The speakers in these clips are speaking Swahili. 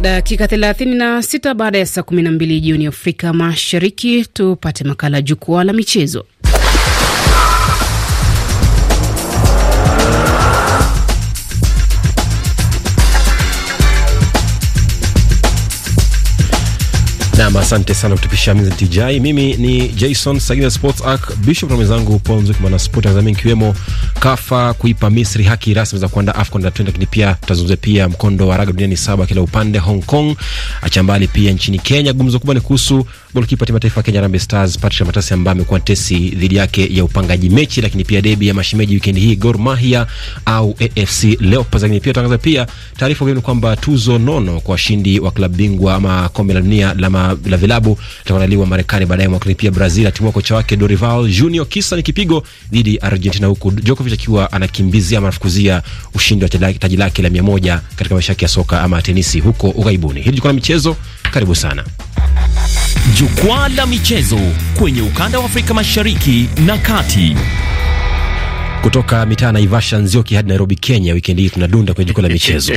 Dakika 36 baada ya saa 12 jioni Afrika Mashariki, tupate makala jukwaa la michezo. Nam, asante sana kutupisha miztijai. Mimi ni Jason Sagina Sports Arc Bishop na mwenzangu Paul Nzuki mwana sport Tanzania, ikiwemo kafa kuipa Misri haki rasmi za kuandaa AFCON na lakini pia tutazungumzia pia mkondo wa raga duniani saba kila upande Hong Kong achambali pia nchini Kenya. Gumzo kubwa ni kuhusu Golkipa timu ya taifa Kenya Harambee Stars Patrick Matasi ambaye amekuwa tesi dhidi yake ya upangaji mechi, lakini pia debi ya mashemeji wikendi hii Gor Mahia au AFC Leopards. Lakini pia tangaza pia taarifa ni kwamba tuzo nono kwa washindi wa klabu bingwa ama kombe la dunia la, la vilabu litaandaliwa Marekani baadaye mwaka, pia Brazil atimua kocha wake Dorival Junior, kisa ni kipigo dhidi Argentina, huku Djokovic akiwa anakimbizia ama anafukuzia ushindi wa taji lake la mia moja katika maisha yake ya soka ama tenisi huko ughaibuni. Hili jukwaa la michezo, karibu sana. Jukwaa la michezo kwenye ukanda wa Afrika Mashariki na Kati. Kutoka mitaa Naivasha, Nzioki hadi Nairobi, Kenya. Wikendi hii tunadunda kwenye jukwaa la michezo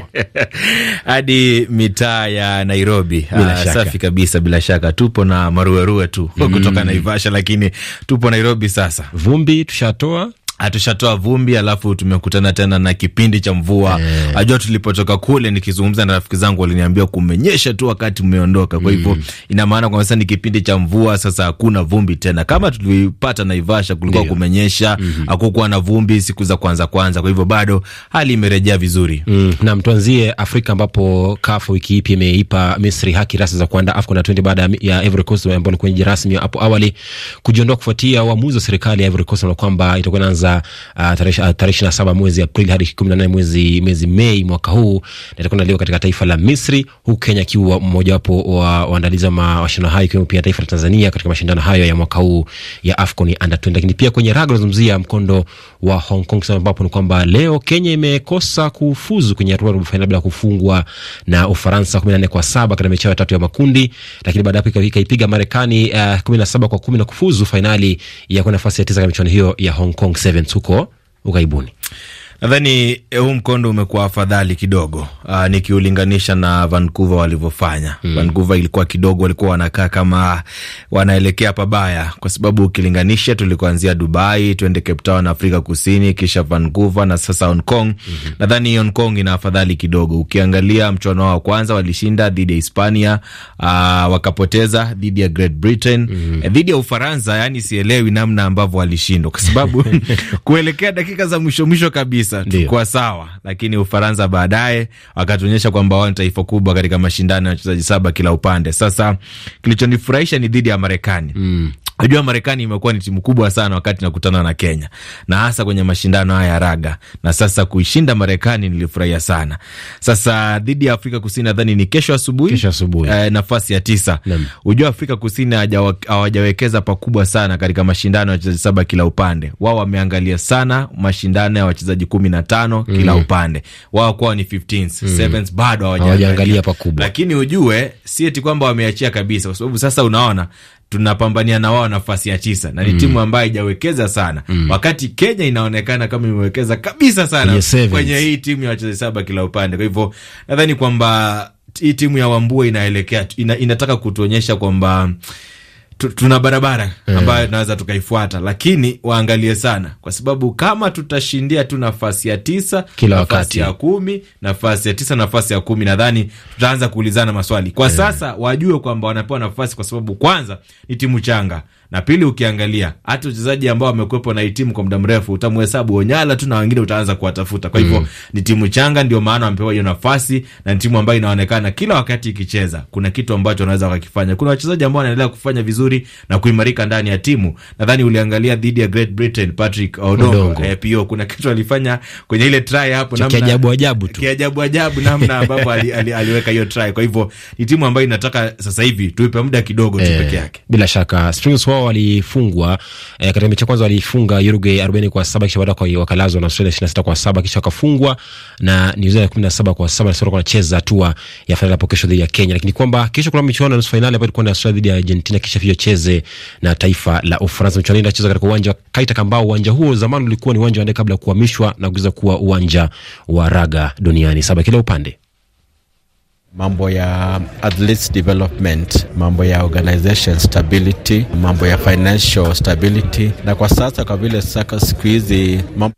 hadi mitaa ya Nairobi. Aa, ah, safi kabisa. Bila shaka tupo na maruerue tu mm. kutoka Naivasha, lakini tupo Nairobi sasa. Vumbi tushatoa tushatoa vumbi, alafu tumekutana tena na kipindi cha mvua yeah. Ajua tulipotoka kule, nikizungumza na rafiki zangu waliniambia kumenyesha tu wakati umeondoka. Kwa hivyo mm. ina maana kwamba sasa ni kipindi cha mvua, sasa hakuna vumbi tena kama tulipata Naivasha, kulikuwa yeah. kumenyesha mm -hmm. hakukuwa na vumbi siku za kwanza kwanza, kwa hivyo bado hali imerejea vizuri mm. na mtuanzie Afrika ambapo CAF wiki ipi imeipa Misri haki rasmi za kuandaa AFCON 20 baada ya Ivory Coast ambao walikuwa wenyeji rasmi hapo awali kujiondoa kufuatia uamuzi wa serikali ya Ivory Coast kwamba itakuwa inaanza Ah, ah, tarehe ishirini na saba mwezi Aprili hadi kumi na nane mwezi mwezi Mei mwaka huu na itakuwa katika taifa la Misri, huku Kenya akiwa mmojawapo wa waandalizi wa mashindano hayo, ikiwemo pia taifa la Tanzania katika mashindano hayo ya mwaka huu ya AFCON under 20. Lakini pia kwenye raga unazungumzia mkondo wa Hong Kong, ambapo ni kwamba leo Kenya imekosa kufuzu kwenye hatua robo fainali bila kufungwa na Ufaransa kumi na nne kwa saba katika mechi ya tatu ya makundi, lakini baada hapo ikaipiga Marekani uh, kumi na saba kwa kumi na kufuzu fainali ya kwa nafasi ya tisa katika michuano hiyo ya Hong Kong Sevens huko ughaibuni. Nadhani eh, huu mkondo umekuwa afadhali kidogo, uh, nikiulinganisha na Vancouver walivyofanya. Mm. Vancouver ilikuwa kidogo, walikuwa wanakaa kama wanaelekea pabaya, kwa sababu ukilinganisha, tulikuanzia Dubai, tuende Cape Town, Afrika Kusini, kisha Vancouver na sasa Hong Kong. Mm -hmm. Nadhani Hong Kong ina afadhali kidogo. Ukiangalia mchuano wao wa kwanza walishinda dhidi ya Hispania, uh, wakapoteza dhidi ya Great Britain, mm -hmm. Eh, dhidi ya Ufaransa. Yani sielewi namna ambavyo walishindwa, kwa sababu kuelekea dakika za mwisho mwisho kabisa kabisa, tukuwa sawa, lakini Ufaransa baadaye wakatuonyesha kwamba wao ni taifa kubwa katika mashindano ya wachezaji saba kila upande. Sasa kilichonifurahisha ni dhidi ya Marekani mm. Najua Marekani imekuwa ni timu kubwa sana wakati nakutana na Kenya na hasa kwenye mashindano haya ya raga, na sasa kuishinda Marekani nilifurahia sana. Sasa dhidi ya Afrika Kusini nadhani ni kesho asubuhi, kesho asubuhi, eh, nafasi ya tisa. Hujua Afrika Kusini hawajawekeza pakubwa sana katika mashindano ya wachezaji saba kila upande. Wao wameangalia sana mashindano ya wachezaji kumi na tano mm. kila upande. Wao kwao ni 15s, mm. 7s bado hawajaangalia pakubwa, lakini ujue si eti kwamba wameachia kabisa, kwa sababu sasa unaona tunapambania na wao nafasi ya tisa na ni mm. timu ambayo haijawekeza sana mm. wakati Kenya inaonekana kama imewekeza kabisa sana kwenye hii timu ya wachezaji saba kila upande. Kwa hivyo nadhani kwamba hii timu ya Wambua inaelekea ina, inataka kutuonyesha kwamba tuna barabara eh. ambayo tunaweza tukaifuata, lakini waangalie sana, kwa sababu kama tutashindia tu nafasi ya tisa, kila nafasi ya kumi, nafasi ya tisa, nafasi ya kumi, nadhani tutaanza kuulizana maswali. Kwa eh. sasa wajue kwamba wanapewa nafasi, kwa sababu kwanza ni timu changa na pili, ukiangalia hata wachezaji ambao wamekuwepo na hii timu kwa muda mrefu, utamhesabu Onyala tu na wengine utaanza kuwatafuta. Kwa hivyo mm, ni timu changa, ndio maana wamepewa hiyo nafasi, na ni timu ambayo inaonekana kila wakati ikicheza kuna kitu ambacho wanaweza wakakifanya. Kuna wachezaji ambao wanaendelea kufanya vizuri na kuimarika ndani ya timu. Nadhani uliangalia dhidi ya Great Britain, Patrick Odongo Eh, APO, kuna kitu alifanya kwenye ile try hapo, namna kiajabu ajabu tu, kiajabu ajabu namna ambapo ali, ali, aliweka hiyo try. Kwa hivyo ni timu ambayo inataka sasa hivi tuipe muda kidogo tu eh, peke yake, bila shaka Springs wao ambao walifungwa eh, katika mechi ya kwanza walifunga Uruguay 40 kwa 7 kisha baada kwa wakalazwa na Australia 26 kwa 7 kisha wakafungwa na New Zealand 17 kwa 7 na sasa wanacheza hatua ya fainali hapo kesho dhidi ya Kenya, lakini kwamba kesho kuna michuano ya nusu fainali ambayo itakuwa ni Australia dhidi ya Argentina kisha hiyo cheze na taifa la Ufaransa. Michuano hii inacheza katika uwanja wa Kaita Kambao. Uwanja huo zamani ulikuwa ni uwanja wa ndege kabla kuhamishwa na kuweza kuwa uwanja wa raga duniani saba kila upande mambo ya athletes development, mambo ya organization stability, mambo ya financial stability, na kwa sasa kwa vile saka siku hizi mambo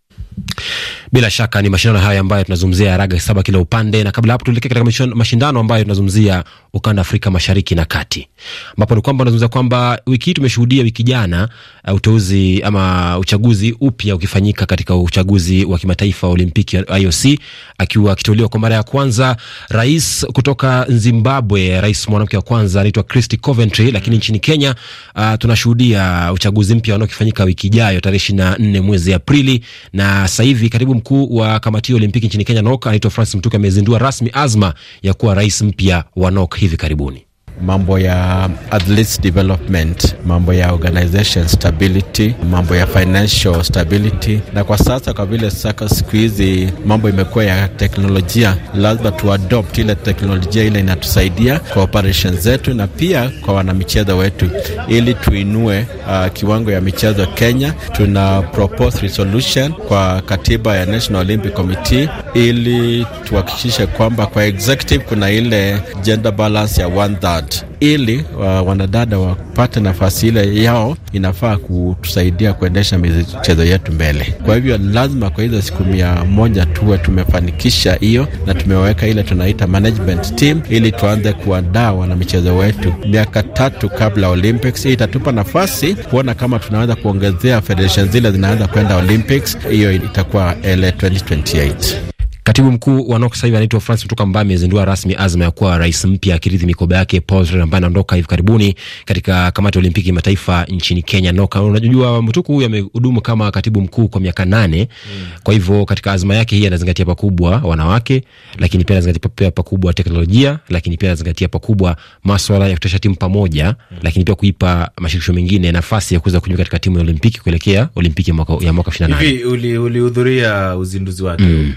bila shaka ni mashindano haya ambayo tunazungumzia ya raga saba kila upande, na kabla hapo tuelekee katika mashindano ambayo tunazungumzia ukanda Afrika mashariki na kati, ambapo ni kwamba nazungumza kwamba wiki hii tumeshuhudia wiki jana uh, uteuzi ama uchaguzi upya ukifanyika katika uchaguzi wa kimataifa wa olimpiki IOC, akiwa akiteuliwa kwa mara ya kwanza rais kutoka Zimbabwe, rais mwanamke wa kwanza anaitwa Christy Coventry. Mm-hmm. Lakini nchini Kenya uh, tunashuhudia uchaguzi mpya unaokifanyika wiki ijayo tarehe 24 mwezi Aprili, na sasa hivi karibu mkuu wa kamati ya Olimpiki nchini Kenya, NOC, anaitwa Francis Mtuke amezindua rasmi azma ya kuwa rais mpya wa NOC hivi karibuni mambo ya athletes development, mambo ya organization stability, mambo ya financial stability. Na kwa sasa kwa vile saka siku hizi mambo imekuwa ya teknolojia, lazima tuadopt ile teknolojia ile inatusaidia kwa operation zetu na pia kwa wanamichezo wetu, ili tuinue uh, kiwango ya michezo Kenya. Tuna propose resolution kwa katiba ya National Olympic Committee ili tuhakikishe kwamba kwa executive kuna ile gender balance ya one third but ili wa uh, wanadada wapate nafasi ile yao, inafaa kutusaidia kuendesha michezo yetu mbele. Kwa hivyo lazima kwa hizo siku mia moja tuwe tumefanikisha hiyo, na tumeweka ile tunaita management team, ili tuanze kuandaa wanamichezo wetu miaka tatu kabla Olympics. Hii itatupa nafasi kuona kama tunaweza kuongezea federation zile zinaweza kwenda Olympics. Hiyo itakuwa l 2028. Katibu mkuu wa NOK sasa hivi anaitwa Francis Mtoka ambaye amezindua rasmi azma ya kuwa rais mpya akirithi mikoba yake Paul Trean ambaye anaondoka hivi karibuni katika kamati ya Olimpiki mataifa nchini Kenya NOK. Unajua Mtuku huyu amehudumu kama katibu mkuu kwa miaka nane hmm. Kwa hivyo katika azma yake hii anazingatia pakubwa wanawake, lakini pia anazingatia pia pakubwa teknolojia, lakini pia anazingatia pakubwa maswala ya kutosha timu pamoja hmm. Lakini pia kuipa mashirikisho mengine nafasi ya kuweza kujiunga katika timu ya Olimpiki kuelekea Olimpiki ya mwaka ishirini na nane. Hivi ulihudhuria uzinduzi wake? mm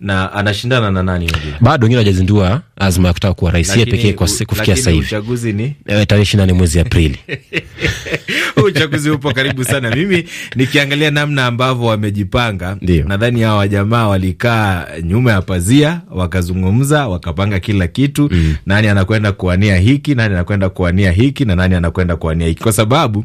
na anashindana na nani wengine? Bado wengine hawajazindua azma ya kutaka kuwa rais yeye pekee kwa kufikia sasa hivi. Uchaguzi ni e, tarehe ishirini na nane mwezi Aprili. Huu Uchaguzi upo karibu sana. Mimi nikiangalia namna ambavyo wamejipanga, nadhani hawa jamaa walikaa nyuma ya pazia, wakazungumza, wakapanga kila kitu mm. Nani anakwenda kuania hiki, nani anakwenda kuania hiki na nani anakwenda kuania hiki, kwa sababu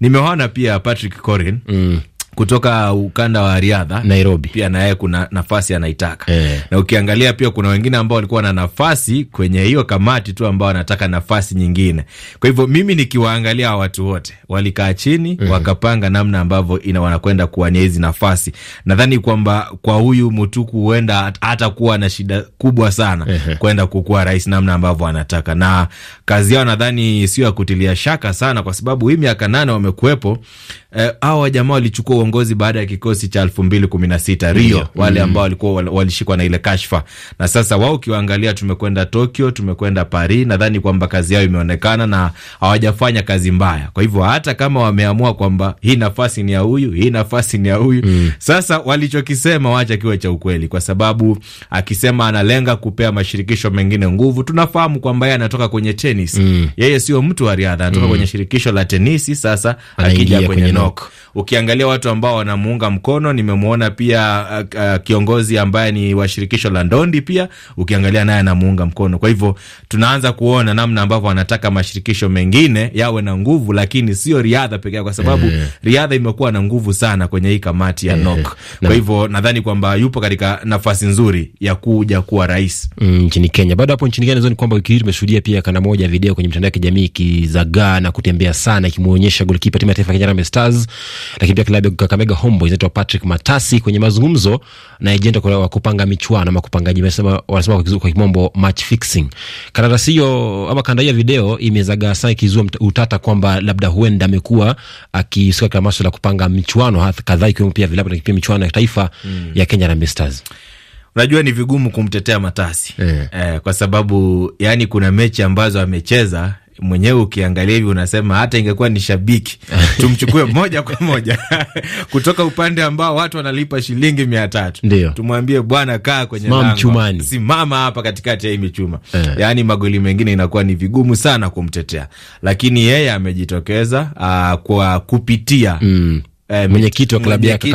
nimeona pia Patrick Corin mm kutoka ukanda wa riadha Nairobi, pia naye kuna nafasi anaitaka e. Na ukiangalia pia kuna wengine ambao walikuwa na nafasi kwenye hiyo kamati tu ambao wanataka nafasi nyingine. Kwa hivyo mimi nikiwaangalia watu wote walikaa chini mm. -hmm. wakapanga namna ambavyo ina wanakwenda kuwania hizi nafasi. Nadhani kwamba kwa huyu Mutuku huenda hatakuwa na shida kubwa sana e. kwenda kukuwa rais namna ambavyo anataka, na kazi yao nadhani sio ya kutilia shaka sana, kwa sababu hii miaka nane wamekuwepo Eh, hawa eh, jamaa walichukua uongozi baada ya kikosi cha elfu mbili kumi na sita Rio, mm. wale mm-hmm. ambao walikuwa walishikwa na ile kashfa, na sasa wao ukiwaangalia, tumekwenda Tokyo, tumekwenda Paris, nadhani kwamba kazi yao imeonekana na hawajafanya kazi mbaya. Kwa hivyo hata kama wameamua kwamba hii nafasi ni ya huyu, hii nafasi ni ya huyu mm. Sasa walichokisema wacha kiwe cha ukweli, kwa sababu akisema analenga kupea mashirikisho mengine nguvu, tunafahamu kwamba yeye anatoka kwenye tenis mm. Yeye sio mtu wa riadha, anatoka mm. kwenye shirikisho la tenisi, sasa akija kwenye, kwenye no. rok. ukiangalia watu ambao wanamuunga mkono, nimemwona pia uh, uh, kiongozi ambaye ni wa shirikisho la ndondi, pia ukiangalia naye anamuunga mkono. Kwa hivyo tunaanza kuona namna ambavyo wanataka mashirikisho mengine yawe na nguvu, lakini sio riadha pekee, kwa sababu mm. riadha imekuwa na nguvu sana kwenye hii kamati ya mm. Eh. NOK. Kwa hivyo nadhani kwamba yupo katika nafasi nzuri ya kuja kuwa rais mm, nchini Kenya. Bado hapo nchini Kenya nazoni kwamba wiki hii tumeshuhudia pia kana moja video kwenye mitandao ya kijamii ikizagaa na kutembea sana ikimwonyesha golikipa timu ya taifa Kenya Harambee Stars lakini pia klabu ya Kakamega Homeboys inaitwa Patrick Matasi kwenye mazungumzo na ajenti wa kupanga michuano ama kupangaji, wanasema kwa kimombo match fixing. Karatasi hiyo ama kanda ya video imezaga sana ikizua utata kwamba labda huenda amekuwa akihusika katika masuala ya kupanga michuano kadhaa ikiwemo pia vilabu na pia michuano ya taifa mm. ya Kenya na Stars. Unajua ni vigumu kumtetea Matasi yeah. Eh, kwa sababu yani kuna mechi ambazo amecheza mwenyewe ukiangalia hivi unasema hata ingekuwa ni shabiki tumchukue moja kwa moja kutoka upande ambao watu wanalipa shilingi mia tatu ndio tumwambie bwana, kaa kwenye lango, simama hapa katikati ya hii michuma yeah. Yaani magoli mengine inakuwa ni vigumu sana kumtetea, lakini yeye amejitokeza uh, kwa kupitia mm. Eh, mwenyekiti wa klabu yake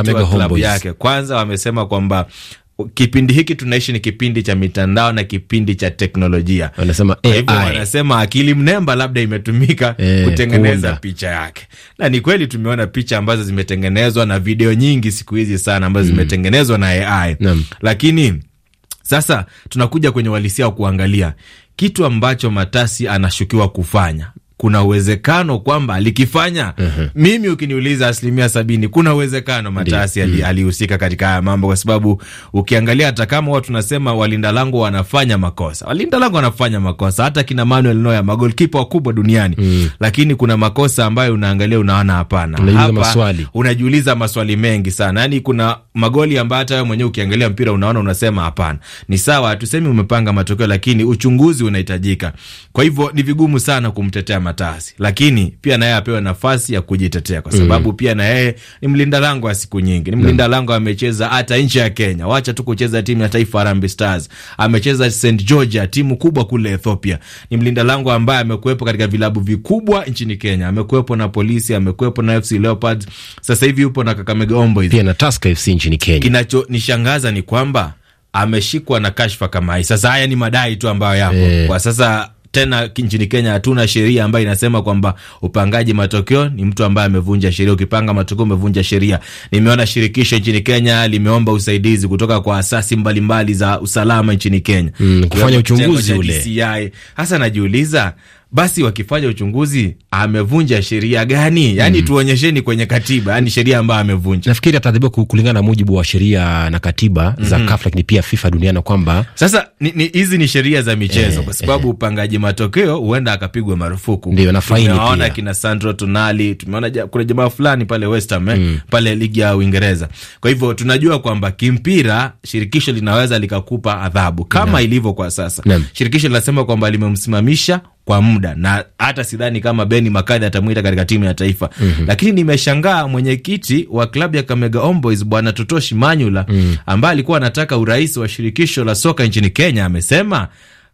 yake kwanza, wamesema kwamba kipindi hiki tunaishi ni kipindi cha mitandao na kipindi cha teknolojia. Wanasema hivyo, wanasema akili mnemba labda imetumika e, kutengeneza kuunda picha yake, na ni kweli tumeona picha ambazo zimetengenezwa na video nyingi siku hizi sana ambazo mm, zimetengenezwa na AI Nam. Lakini sasa tunakuja kwenye uhalisia wa kuangalia kitu ambacho Matasi anashukiwa kufanya kuna uwezekano kwamba alikifanya. uh mhm. -huh. Mimi ukiniuliza asilimia sabini, kuna uwezekano Matasi ali, mm. alihusika katika haya mambo, kwa sababu ukiangalia hata kama watu nasema walinda lango wanafanya makosa, walinda lango wanafanya makosa, hata kina Manuel Neuer magolkipa wakubwa duniani mm. Lakini kuna makosa ambayo unaangalia unaona, hapana, Unajiuliza maswali mengi sana, yani kuna magoli ambayo hata wewe mwenyewe ukiangalia mpira unaona unasema hapana. Ni sawa, hatusemi umepanga matokeo, lakini uchunguzi unahitajika. Kwa hivyo ni vigumu sana kumtetea Matasi, lakini pia naye apewe nafasi ya kujitetea kwa sababu mm. pia na yeye ni mlinda lango wa siku nyingi, ni mm. mlinda mm. lango amecheza hata nchi ya Kenya, wacha tu kucheza timu ya taifa Harambee Stars, amecheza St George, timu kubwa kule Ethiopia. Ni mlinda lango ambaye amekuwepo katika vilabu vikubwa nchini Kenya, amekuwepo na Polisi, amekuwepo na FC Leopards, sasa hivi yupo na Kakamega Homeboyz pia na Tusker FC nchini Kenya. Kinachonishangaza ni kwamba ameshikwa na kashfa kama hii. Sasa haya ni madai tu ambayo yapo eh. kwa sasa tena nchini Kenya hatuna sheria ambayo inasema kwamba upangaji matokeo ni mtu ambaye amevunja sheria. Ukipanga matokeo umevunja sheria. Nimeona shirikisho nchini Kenya limeomba usaidizi kutoka kwa asasi mbalimbali za usalama nchini Kenya mm, kufanya uchunguzi ule. hasa najiuliza basi wakifanya uchunguzi amevunja sheria gani? Yani mm, tuonyesheni kwenye katiba, yani sheria ambayo amevunja. Nafikiri atadhibiwa kulingana na mujibu wa sheria na katiba mm -hmm. za mm-hmm. CAF lakini pia FIFA duniani, kwamba sasa hizi ni, ni sheria za michezo eh, kwa sababu eh, upangaji matokeo huenda akapigwa marufuku, ndio na faini. Tumeona kina Sandro Tonali, tumeona kuna jamaa fulani pale West Ham eh, mm, pale ligi ya Uingereza. Kwa hivyo tunajua kwamba kimpira shirikisho linaweza likakupa adhabu kama ilivyo kwa sasa. Shirikisho linasema kwamba limemsimamisha kwa muda na hata sidhani kama Beni Makadhi atamwita katika timu ya taifa mm -hmm. Lakini nimeshangaa mwenyekiti wa klabu ya Kamega Omboys bwana Totoshi Manyula mm -hmm. ambaye alikuwa anataka urais wa shirikisho la soka nchini Kenya amesema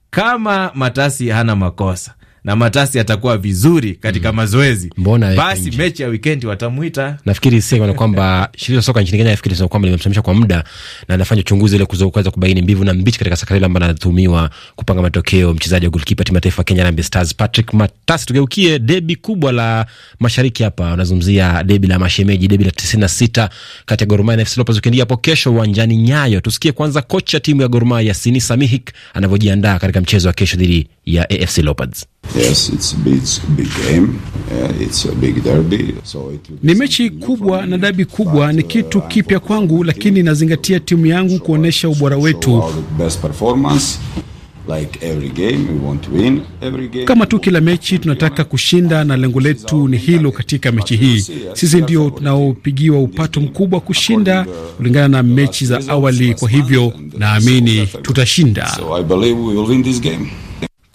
kama Matasi hana makosa na Matasi atakuwa vizuri katika mm. mazoezi, basi mechi ya wikendi watamwita. Nafikiri sema kwamba shirika soka nchini Kenya nafikiri sema kwamba limemsimamisha kwa muda na anafanya uchunguzi ile kuweza kubaini mbivu na mbichi katika sakata ile ambayo anatumiwa kupanga matokeo mchezaji wa golikipa timu ya taifa Kenya Harambee Stars Patrick Matasi. Tugeukie debi kubwa la mashariki hapa, anazungumzia debi la mashemeji, debi la 96 kati ya Gor Mahia na FC Leopards wikendi hapo kesho uwanjani Nyayo. Tusikie kwanza kocha timu ya Gor Mahia Sini Samihik anavyojiandaa katika mchezo wa kesho dhidi ya AFC Leopards. Ni mechi kubwa na dabi kubwa, ni uh, kitu kipya kwangu, lakini nazingatia timu yangu kuonyesha ubora wetu Like every game, we want to win. Every game, kama tu kila mechi tunataka kushinda, na lengo letu ni hilo. Katika mechi hii sisi ndio tunaopigiwa upato mkubwa kushinda kulingana na mechi za awali, kwa hivyo naamini tutashinda. So I believe we will win this game.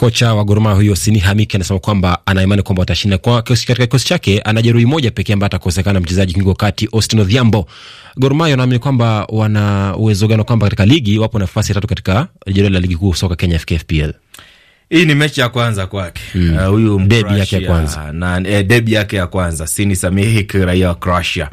Kocha wa Gor Mahia huyo Sini Hamiki anasema kwamba ana imani kwamba watashinda. Kwa katika kikosi chake ana jeruhi moja pekee ambaye atakosekana mchezaji kingo kati Austin Odhiambo. Gor Mahia wanaamini kwamba wana uwezo gani kwamba katika ligi wapo nafasi tatu katika jedwali la ligi kuu soka Kenya FKFPL. Hii ni mechi ya kwanza kwake hmm. uh, huyu mm. Uh, debi yake ya kwanza na e, eh, debi yake ya kwanza Sini Samihik, raia wa Croatia.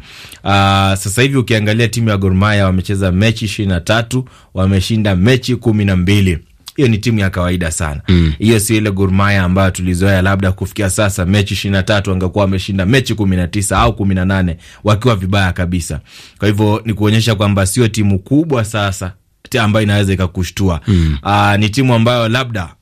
Uh, sasa hivi ukiangalia timu ya Gor Mahia wamecheza mechi ishirini na tatu wameshinda mechi kumi na mbili hiyo ni timu ya kawaida sana mm. hiyo mm. Sio ile gurmaya ambayo tulizoea, labda kufikia sasa mechi ishirini na tatu angekuwa wameshinda mechi kumi na tisa au kumi na nane wakiwa vibaya kabisa. Kwa hivyo ni kuonyesha kwamba sio timu kubwa sasa ambayo inaweza ikakushtua mm. Aa, ah, ni timu ambayo labda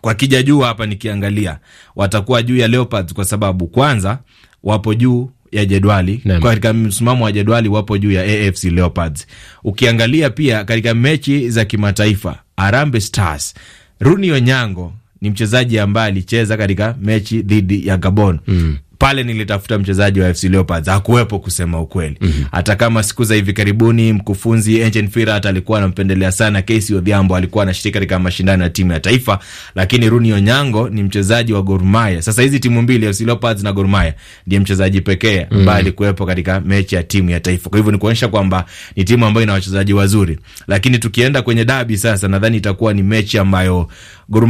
kwa kija juu hapa nikiangalia watakuwa juu ya Leopards kwa sababu kwanza wapo juu ya jedwali kwa katika msimamo wa jedwali, wapo juu ya AFC Leopards. Ukiangalia pia katika mechi za kimataifa Harambee Stars. Runi Onyango ni mchezaji ambaye alicheza katika mechi dhidi ya Gabon mm pale nilitafuta mchezaji wa FC Leopards hakuwepo, kusema ukweli. mm -hmm. Hata kama siku za hivi karibuni mkufunzi Engin Firat alikuwa anampendelea sana Casey Odhiambo, alikuwa anashiriki katika mashindano ya timu ya taifa, lakini Runi Onyango ni mchezaji wa Gor Mahia. Sasa hizi timu mbili FC Leopards na Gor Mahia ndiye mchezaji pekee mhm. ambaye mm -hmm. alikuwepo katika mechi ya timu ya taifa. Kwa hivyo ni kuonyesha kwamba ni timu ambayo ina wachezaji wazuri, lakini tukienda kwenye dabi sasa, nadhani itakuwa ni mechi ambayo Gor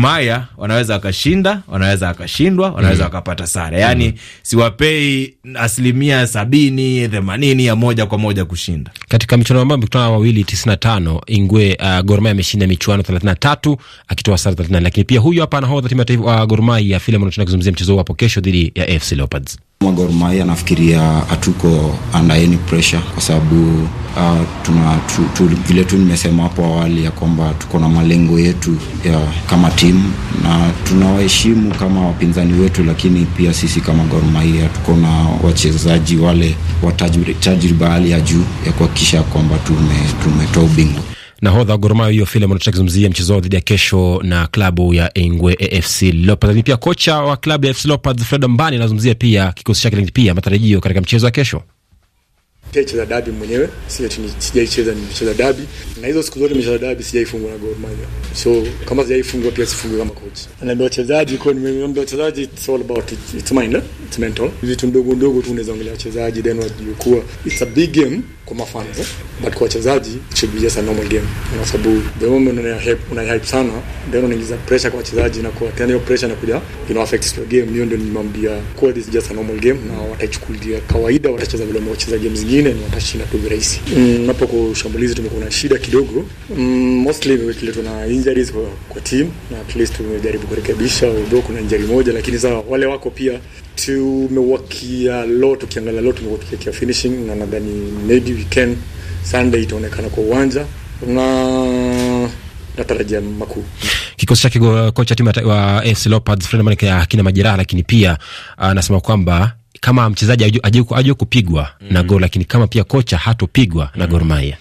wanaweza wakashinda, wanaweza wakashindwa, wanaweza mm. wakapata sare. yani mm. siwapei asilimia sabini themanini ya moja kwa moja kushinda. Katika michuano ambayo amekutana wawili tisini na tano Ingwe uh, Gor ameshinda michuano thelathini na tatu akitoa sare thelathini na nane lakini pia huyu hapa anahodha timu ya taifa uh, Gor Mahia Filemon kuzungumzia mchezo huu hapo kesho dhidi ya AFC Leopards. Gor Mahia nafikiria hatuko under any pressure kwa sababu uh, tuna tu, tu, vile tu nimesema hapo awali ya kwamba tuko na malengo yetu ya, kama kama timu na tunawaheshimu kama wapinzani wetu, lakini pia sisi kama Gor Mahia tuko na wachezaji wale wa tajriba hali ya juu ya kuhakikisha kwamba tumetoa ubingwa. Nahodha Gor Mahia hiyo Filemon atakizungumzia mchezo wao dhidi ya kesho na klabu ya Ingwe AFC Leopards, Ni pia kocha wa klabu ya AFC Leopards Fred Mbani anazungumzia pia kikosi chake, lakini pia matarajio katika mchezo wa kesho. Sijaicheza dabi mwenyewe, sijaicheza, nimecheza dabi na hizo siku zote nimecheza dabi, sijaifungwa na Gor Mahia. So kama sijaifungwa pia sifungwe kama kochi. Naambia wachezaji kwa, nimeambia wachezaji it's all about it, it's mine. Eh? it's mental. Vitu ndogo ndogo tu unaweza ongelea wachezaji then wajikuwa it's a big game kwa mafans but kwa wachezaji it should be just a normal game, kwa sababu the moment una hype una hype sana then unaingiza pressure kwa wachezaji na kwa tena hiyo pressure inakuja you know affects your game. Hiyo ndio nimwambia kwa this is just a normal game, na watachukulia kawaida, watacheza vile wamecheza game zingine na watashinda tu virahisi. Mm, Napo kwa shambulizi tumekuwa na shida kidogo mm, mostly imeletwa na injuries kwa, kwa team na at least tumejaribu kurekebisha, although kuna injury moja, lakini sawa wale wako pia tumewakia lo tukiangalia lo tumewakia finishing, na nadhani maybe weekend Sunday itaonekana kwa uwanja na natarajia makuu. Kikosi chake kocha timu wa AFC Leopards Fred Manek akina majeraha, lakini pia ah, anasema kwamba kama mchezaji ajue kupigwa mm -hmm. na mm-hmm. gol, lakini kama pia kocha hatopigwa mm -hmm. na mm-hmm. Gor Mahia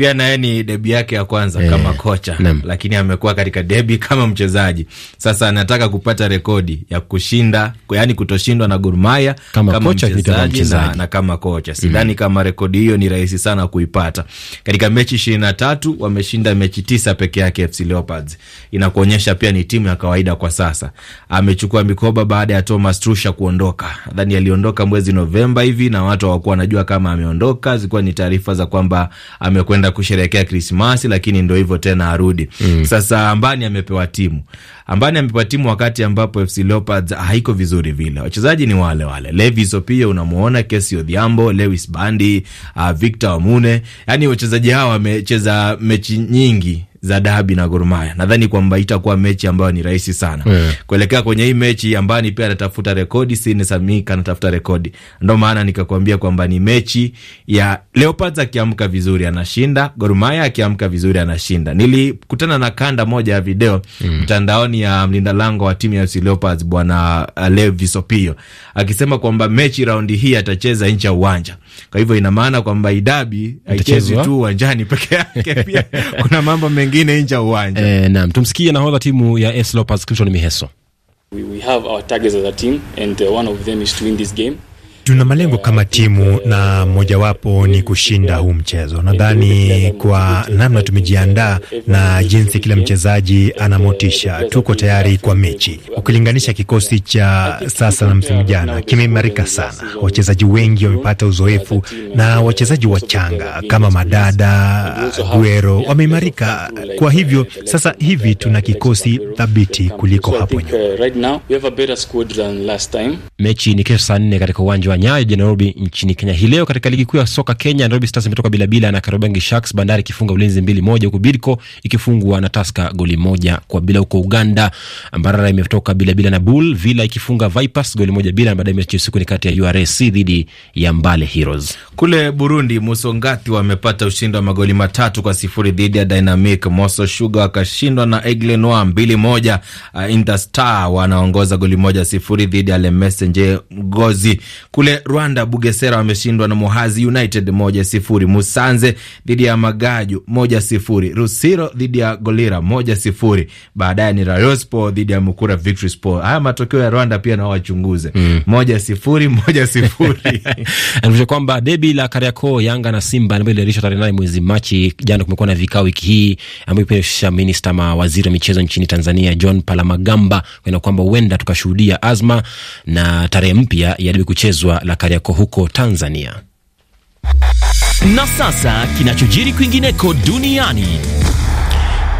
pia naye ni debi yake ya kwanza yeah, kama kocha nam. Lakini amekuwa katika debi kama mchezaji. Sasa anataka kupata rekodi ya kushinda, yani kutoshindwa na Gor Mahia kama, kama mchezaji na, na kama kocha. Mm. Sidhani mm, kama rekodi hiyo ni rahisi sana kuipata. Katika mechi ishirini na tatu wameshinda mechi tisa peke yake FC Leopards. Inakuonyesha pia ni timu ya kawaida kwa sasa. Amechukua mikoba baada ya Thomas Trusha kuondoka. Nadhani aliondoka mwezi Novemba hivi na watu hawakuwa wanajua kama ameondoka, zilikuwa ni taarifa za kwamba amekwenda ya kusherehekea Krismasi, lakini ndo hivyo tena arudi. Mm. Sasa Ambani amepewa timu. Ambani amepewa timu wakati ambapo FC Leopards haiko vizuri vile. Wachezaji ni wale wale. Levis Opia unamuona, Kesi Odhiambo, Lewis Bandi, uh, Victor Omune. Yaani wachezaji hawa wamecheza mechi nyingi za Dabi na Gor Mahia. Nadhani kwamba itakuwa mechi ambayo ni rahisi sana. Yeah. Kuelekea kwenye hii mechi ambayo ni pia anatafuta rekodi, Sine Samika anatafuta rekodi. ndo maana nikakwambia kwamba ni mechi ya Leopards akiamka vizuri anashinda, Gor Mahia akiamka vizuri anashinda. Nilikutana na kanda moja ya video mm. mtandaoni ya mlinda lango wa timu ya FC Leopards bwana Levi Sopio akisema kwamba mechi raundi hii atacheza nje ya uwanja. mm. Kwa hivyo ina maana kwamba idabi haichezi tu uwanjani peke yake, pia kuna mambo mengine nje ya uwanja. Eh, naam, tumsikie nahodha timu ya AS Leopards Christian Miheso. We, we have our targets as a team and uh, one of them is to win this game. Tuna malengo kama timu na mojawapo ni kushinda huu mchezo. Nadhani kwa namna tumejiandaa na jinsi kila mchezaji anamotisha, tuko tayari kwa mechi. Ukilinganisha kikosi cha sasa na msimu jana, kimeimarika sana. Wachezaji wengi wamepata uzoefu na wachezaji wachanga kama Madada, Guero wameimarika. Kwa hivyo sasa hivi tuna kikosi thabiti kuliko hapo nyuma. Mechi ni kesho saa nne katika uwanja wa Nyayo jijini Nairobi nchini Kenya. Hii leo katika ligi kuu ya soka Kenya, Nairobi Stars imetoka bila bila na Kariobangi Sharks, Bandari ikifunga Ulinzi mbili moja, huku Bidco ikifungwa na Taska goli moja kwa bila. Huko Uganda, Mbarara imetoka bila bila na Bull Villa ikifunga Vipers goli moja bila, na baadaye mechi usiku ni kati ya URSC dhidi ya Mbale Heroes. Kule Burundi, Musongati wamepata ushindi wa magoli matatu kwa sifuri dhidi ya Dynamic. Moso Sugar wakashindwa na Eglenoa mbili moja. Uh, Interstar wanaongoza goli moja sifuri dhidi ya Lemesenje Ngozi kule kule Rwanda, Bugesera wameshindwa na Muhazi United moja sifuri, Musanze dhidi ya Magaju moja sifuri, Rusiro dhidi ya Golira moja sifuri, baadaye ni Rayospo dhidi ya Mukura Victory Sport. Haya matokeo ya Rwanda pia nao wachunguze mm. moja sifuri moja sifuri anavyo kwamba debi la Kariakoo Yanga na Simba ambayo iliahirishwa tarehe nane mwezi Machi jana, kumekuwa na vikao wiki hii ambayo pia minista ma waziri wa michezo nchini Tanzania John Palamagamba kwenda kwamba huenda tukashuhudia azma na tarehe mpya ya debi kuchezwa jua la Kariakoo huko Tanzania. Na sasa kinachojiri kwingineko duniani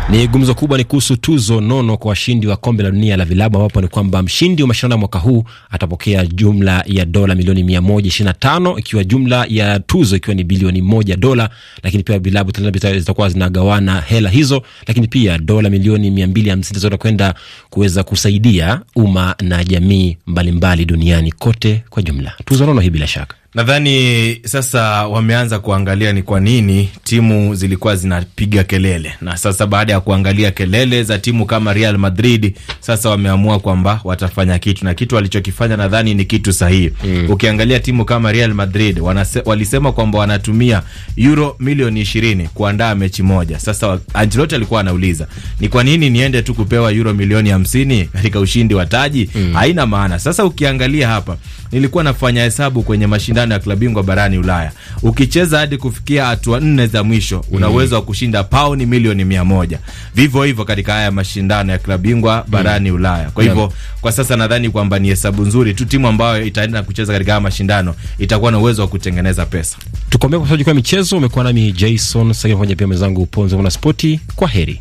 ni gumzo kubwa ni kuhusu tuzo nono kwa washindi wa kombe la dunia la vilabu, ambapo ni kwamba mshindi wa mashindano ya mwaka huu atapokea jumla ya dola milioni 125 ikiwa jumla ya tuzo ikiwa ni bilioni moja dola, lakini pia vilabu zitakuwa zinagawana hela hizo, lakini pia dola milioni 250 zote kwenda kuweza kusaidia umma na jamii mbalimbali mbali duniani kote kwa jumla. Tuzo nono hii bila shaka Nadhani sasa wameanza kuangalia ni kwa nini timu zilikuwa zinapiga kelele, na sasa baada ya kuangalia kelele za timu kama Real Madrid, sasa wameamua kwamba watafanya kitu, na kitu walichokifanya nadhani ni kitu sahihi mm. Ukiangalia timu kama Real Madrid wanase, walisema kwamba wanatumia euro milioni ishirini kuandaa mechi moja. Sasa Ancelotti alikuwa anauliza ni kwa nini niende tu kupewa euro milioni hamsini katika ushindi wa taji mm. Haina maana. Sasa ukiangalia hapa, nilikuwa nafanya hesabu kwenye mashindano mashindano ya klabu bingwa barani Ulaya. Ukicheza hadi kufikia hatua nne za mwisho, una mm-hmm. uwezo wa kushinda pauni milioni mia moja. Vivyo hivyo katika haya mashindano ya klabu bingwa barani mm-hmm. Ulaya. Kwa hivyo, kwa sasa nadhani kwamba ni hesabu nzuri tu, timu ambayo itaenda kucheza katika haya mashindano itakuwa na uwezo wa kutengeneza pesa. Tukombe kwa sababu kwa michezo umekuwa nami Jason, Sagi hivi pamoja pia mwenzangu Ponzo na Spoti. Kwa heri.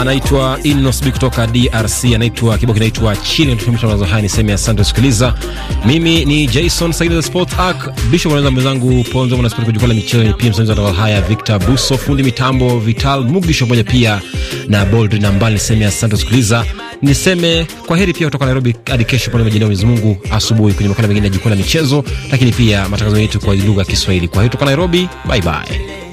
anaitwa Ilnosbi kutoka DRC, anaitwa kibao kinaitwa chini. Tumisha mawazo haya, ni sehemu ya asante kusikiliza. Mimi ni Jason Said, Sport Arc Bisho, anaanza mwenzangu Ponzo Mwana Sport, kujukwa la michezo ni msanizi wa tawa haya Victor Buso, fundi mitambo Vital Mugisho, pamoja pia na Bold na Mbali. Ni sehemu ya asante kusikiliza, niseme kwa heri pia kutoka Nairobi hadi kesho, pale majaliwa Mwenyezi Mungu, asubuhi kwenye makala mengine ya jukwaa la michezo, lakini pia matangazo yetu kwa lugha ya Kiswahili. Kwa hiyo kutoka Nairobi, bye bye.